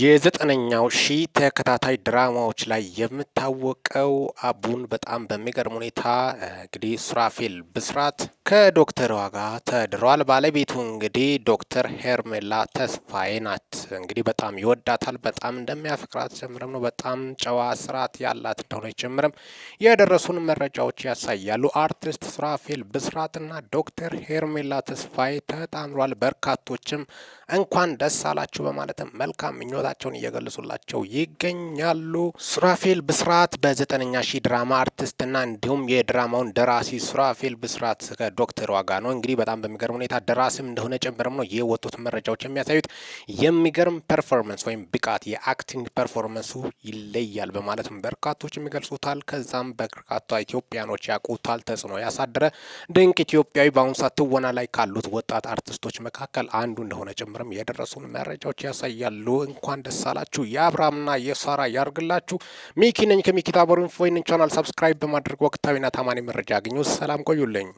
የዘጠነኛው ሺ ተከታታይ ድራማዎች ላይ የምታወቀው አቡን በጣም በሚገርም ሁኔታ እንግዲህ ሱራፌል ብስራት ከዶክተሯ ጋር ተድሯል። ባለቤቱ እንግዲህ ዶክተር ሄርሜላ ተስፋዬ ናት። እንግዲህ በጣም ይወዳታል። በጣም እንደሚያፈቅራት ጀምረም ነው በጣም ጨዋ ስርዓት ያላት እንደሆነች ጀምረም የደረሱን መረጃዎች ያሳያሉ። አርቲስት ሱራፌል ብስራትና ዶክተር ሄርሜላ ተስፋዬ ተጣምሯል። በርካቶችም እንኳን ደስ አላችሁ በማለትም መልካም ምኞታቸውን እየገለጹላቸው ይገኛሉ። ሱራፌል ብስራት በዘጠነኛ ሺህ ድራማ አርቲስትና እንዲሁም የድራማውን ደራሲ ሱራፌል ብስራት ከዶክተር ዋጋ ነው እንግዲህ በጣም በሚገርም ሁኔታ ደራሲም እንደሆነ ጭምርም ነው የወጡት መረጃዎች የሚያሳዩት የሚገ የሚገርም ፐርፎርመንስ ወይም ብቃት የአክቲንግ ፐርፎርመንሱ ይለያል በማለትም በርካቶች የሚገልጹታል። ከዛም በርካታ ኢትዮጵያኖች ያውቁታል። ተጽዕኖ ያሳደረ ድንቅ ኢትዮጵያዊ በአሁኑ ሰዓት ትወና ላይ ካሉት ወጣት አርቲስቶች መካከል አንዱ እንደሆነ ጭምርም የደረሱን መረጃዎች ያሳያሉ። እንኳን ደስ አላችሁ። የአብርሃምና የሳራ ያርግላችሁ። ሚኪ ነኝ ከሚኪ ታቦር ኢንፎ። ቻናል ሰብስክራይብ በማድረግ ወቅታዊና ታማኒ መረጃ ያገኙ። ሰላም ቆዩልኝ።